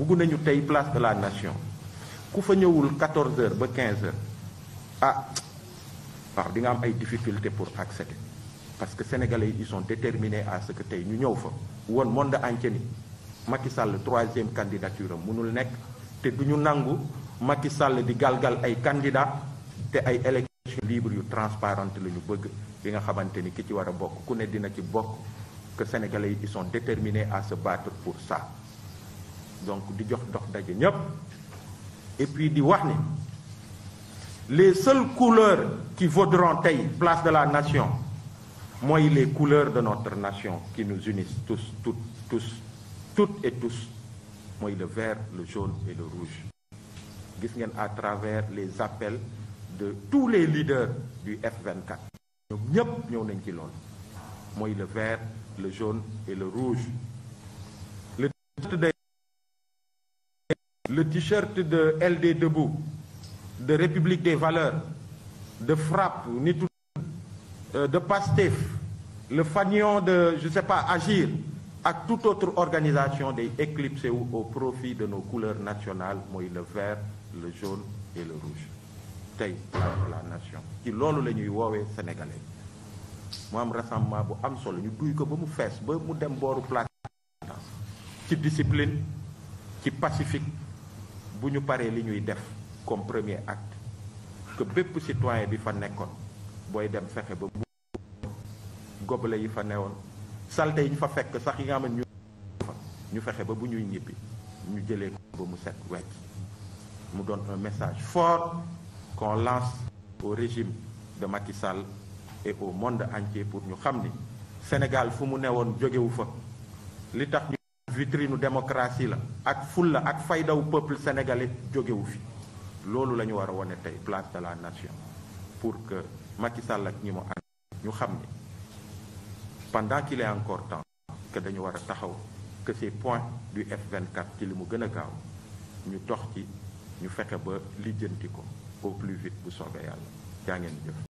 bugg nañu tey place de la nation ku fa ñëwul 14 heures ba quinze heures ah waaw di nga am ay difficultés pour accéder parce que sénégalais yi ils sont à ce que tey ñu ñëw fa woon monde entier ni Macky Sall troisième candidature am mënul nekk te du ñu nangu Macky Sall di galgal ay candidats te ay élections libres yu transparentes la ñu bëgg bi nga xamante ni ki ci war a bokk ku ne dina ci bokk que sénégalais yi ils sont à se battre pour ça. donc di jox dox daje ñépp et puis di wax ni les seules couleurs qui vaudront tey place de la nation mooy les couleurs de notre nation qui nous unissent tous toutes tous et tous mooy le vert le jaune et le rouge gis ngeen à travers les appels de tous les leaders du F24 ñoom ñépp ñëw nañ ci loolu mooy le vert le jaune et le rouge le le t-shirt de LD Debout, de République des Valeurs, de Frappe, Nitou, euh, de PASTEF, le fanion de, je ne sais pas, Agir, à toute autre organisation des éclipsés ou au profit de nos couleurs nationales, moi le vert, le jaune et le rouge. tey la nation ci loolu la ñuy woowee sénégalais mu am rassemblement bu am solo ñu duy ko ba mu fees ba mu dem booru place ci discipline ci pacifique bu ñu paree li ñuy def comme premier acte que bépp citoyen bi fa nekkoon booy dem fexe ba mu gobale yi fa newoon salte yi ñu fa fekk sax yi nga xam ñu ñu fexe ba bu ñuy ñibbi ñu jëlee ko ba mu set wecc mu doon un message fort qu'on lance au régime de Macky Sall et au monde entier pour ñu xam ni Sénégal fu mu newoon jógewu fa li tax ñu vitrine démocratie la ak fulla ak faydawu peuple sénégalais jógewu fi loolu la ñu war a wane tey place de la nation pour que Macky Sall ak ñi mu ànd ñu xam ni pendant qu'il est encore temps que dañu war a taxaw que ces points du F24 ci li mu gën a gaaw ñu tox ci ñu fexe ba lijjanti ko au plus vite bu soobee yàlla jaa ngeen jëf